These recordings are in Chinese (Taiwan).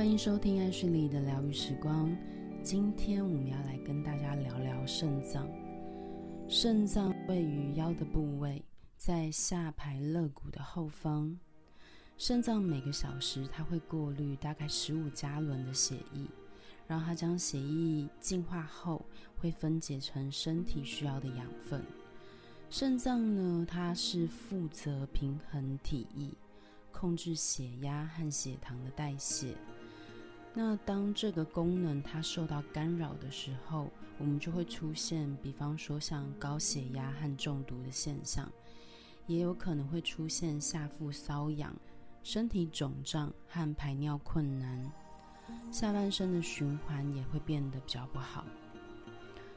歡迎收聽愛旭黎的療癒時光。今天我們要來跟大家聊聊腎臟。腎臟位於腰的部位，在下排肋骨的後方。腎臟每個小時，它會過濾大概十五加侖的血液，然後它將血液淨化後，會分解成身體需要的養分。腎臟呢，它是負責平衡體液、控制血壓和血糖的代謝。那當這個功能它受到干擾的時候，我們就會出現，比方說像高血壓和中毒的現象，也有可能會出現下腹瘙癢、身體腫脹和排尿困難，下半身的循環也會變得比較不好。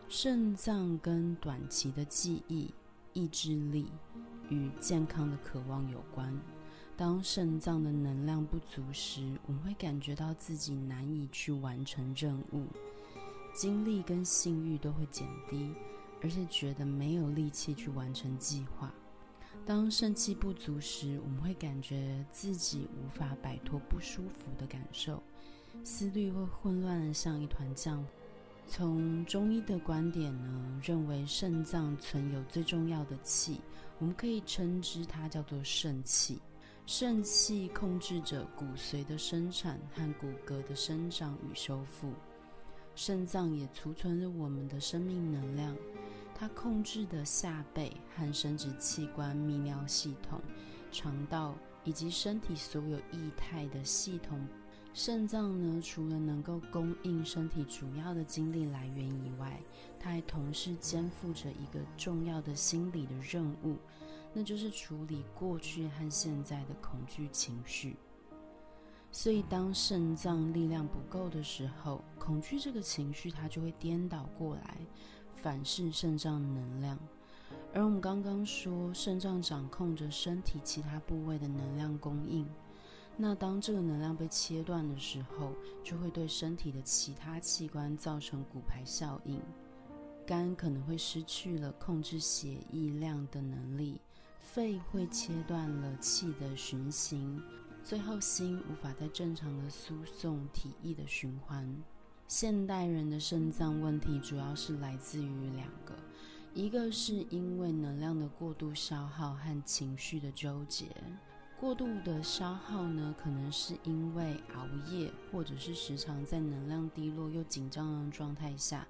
腎臟跟短期的記憶、意志力與健康的渴望有關。當腎臟的能量不足時，我們會感覺到自己難以去完成任務，精力跟性欲都會減低，而且覺得沒有力氣去完成計劃。當腎氣不足時，我們會感覺自己無法擺脫不舒服的感受，思慮會混亂的像一團漿。從中醫的觀點呢，認為腎臟存有最重要的氣，我們可以稱之它叫做腎氣。腎氣控制着骨髓的生產和骨骼的生長與修復，腎臟也儲存着我們的生命能量。它控制的下背和生殖器官、泌尿系統、腸道以及身體所有液態的系統。腎臟呢，除了能夠供應身體主要的精力來源以外，它還同時肩負着一個重要的心理的任務。那就是處理過去和現在的恐懼情緒，所以當腎臟力量不夠的時候，恐懼這個情緒它就會顛倒過來，反噬腎臟能量。而我們剛剛說，腎臟掌控着身體其他部位的能量供應，那當這個能量被切斷的時候，就會對身體的其他器官造成骨牌效應，肝可能會失去了控制血液量的能力。肺會切斷了氣的循行，最後心無法再正常的輸送體液的循環。現代人的腎臟問題主要是來自於兩個，一個是因為能量的過度消耗和情緒的糾結。過度的消耗呢，可能是因為熬夜，或者是時常在能量低落又緊張的狀態下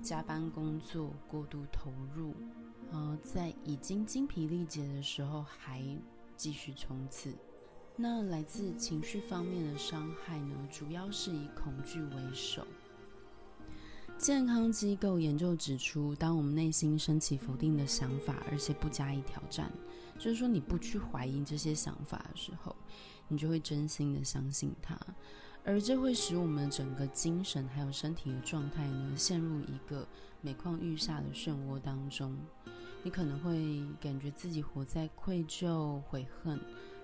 加班工作，過度投入。呃，在已經精疲力竭的時候，還繼續衝刺。那來自情緒方面的傷害呢，主要是以恐懼為首。健康機構研究指出，當我們內心升起否定的想法，而且不加以挑戰，就是說你不去懷疑這些想法的時候，你就會真心的相信它，而這會使我們的整個精神還有身體的狀態呢，陷入一個每況愈下的漩渦當中。你可能會感覺自己活在愧疚、悔恨、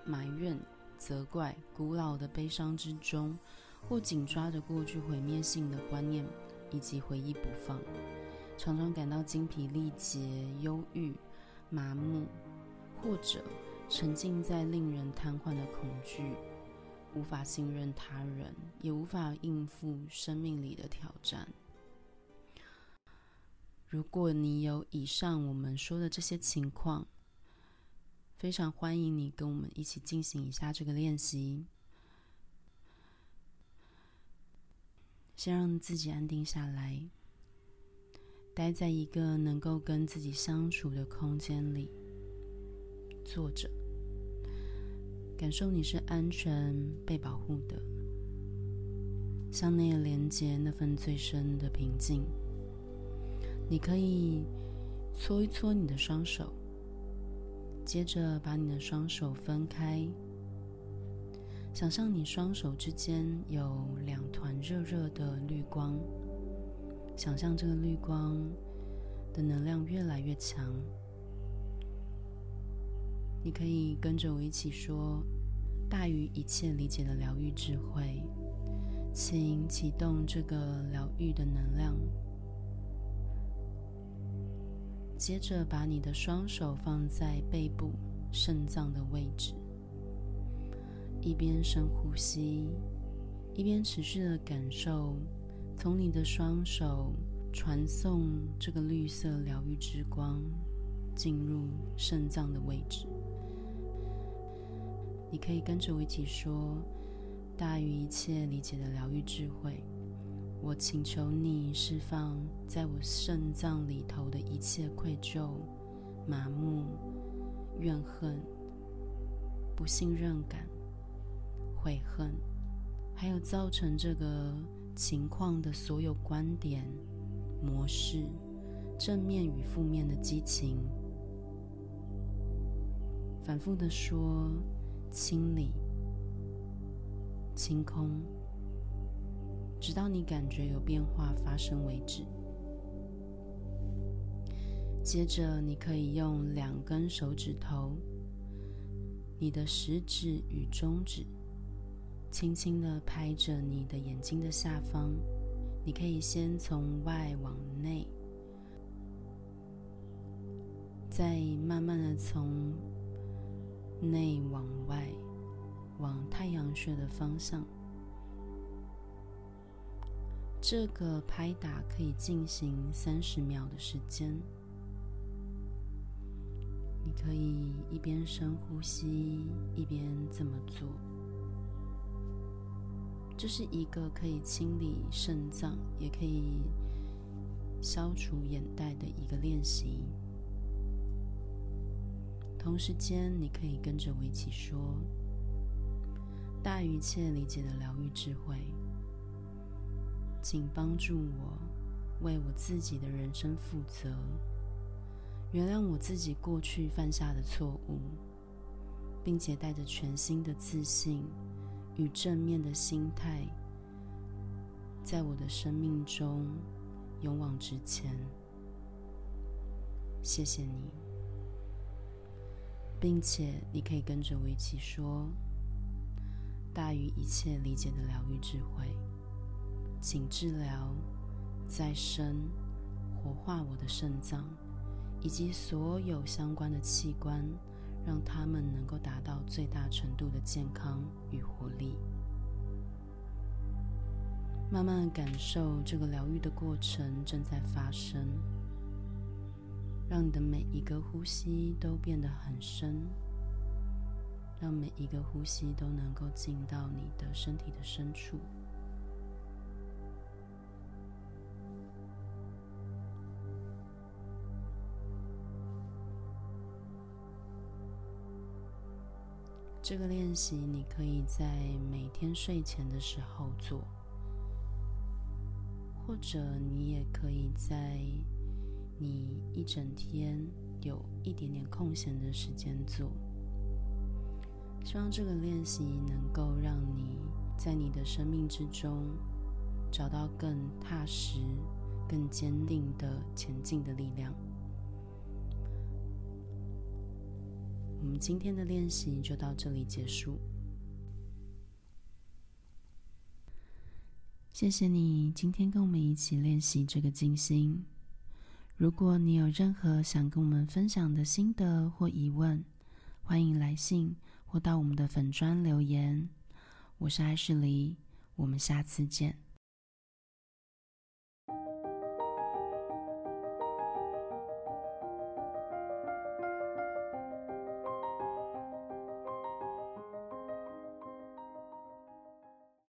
埋怨、責怪、古老的悲傷之中，或緊抓着過去毀滅性的觀念以及回憶不放，常常感到精疲力竭、憂鬱、麻木，或者沉浸在令人癱瘓的恐懼，無法信任他人，也無法應付生命裡的挑戰。如果你有以上我們說的這些情況，非常歡迎你跟我們一起進行一下這個練習。先讓自己安定下來，待在一個能夠跟自己相處的空間裡，坐着，感受你是安全被保護的，向內連接那份最深的平靜。你可以搓一搓你的雙手，接着把你的雙手分開，想象你雙手之間有兩團熱熱的綠光，想象這個綠光的能量越來越強。你可以跟着我一起說：“大於一切理解的療癒智慧，請啟動這個療癒的能量。”接着，把你的雙手放在背部腎臟的位置，一邊深呼吸，一邊持續的感受，從你的雙手傳送這個綠色療癒之光進入腎臟的位置。你可以跟着我一起說：“大於一切理解的療癒智慧。”我請求你釋放在我腎臟裡頭的一切愧疚、麻木、怨恨、不信任感、悔恨，還有造成這個情況的所有觀點、模式、正面與負面的激情。反覆地說，清理，清空。直到你感覺有變化發生為止。接着，你可以用兩根手指頭，你的食指與中指，輕輕的拍着你的眼睛的下方。你可以先從外往內，再慢慢的從內往外，往太陽穴的方向。這個拍打可以進行三十秒的時間，你可以一邊深呼吸一邊這麼做，這是一個可以清理腎臟，也可以消除眼袋的一個練習。同時間，你可以跟着我一起說：“大於一切理解的療癒智慧。”請幫助我，為我自己的人生負責，原諒我自己過去犯下的錯誤，並且帶着全新的自信與正面的心態，在我的生命中勇往直前。謝謝你，並且你可以跟着我一起說：“大於一切理解的療癒智慧。”請治療、再生、活化我的腎臟以及所有相關的器官，讓它們能夠達到最大程度的健康與活力。慢慢感受這個療癒的過程正在發生，讓你的每一個呼吸都變得很深，讓每一個呼吸都能夠進到你的身體的深處。這個練習，你可以在每天睡前的時候做，或者你也可以在你一整天有一點點空閒的時間做。希望這個練習能夠讓你在你的生命之中找到更踏實、更堅定的前進的力量。我們今天的練習就到這裡結束。謝謝你今天跟我們一起練習這個靜心。如果你有任何想跟我們分享的心得或疑問，歡迎來信或到我們的粉專留言。我是愛旭黎，我們下次見。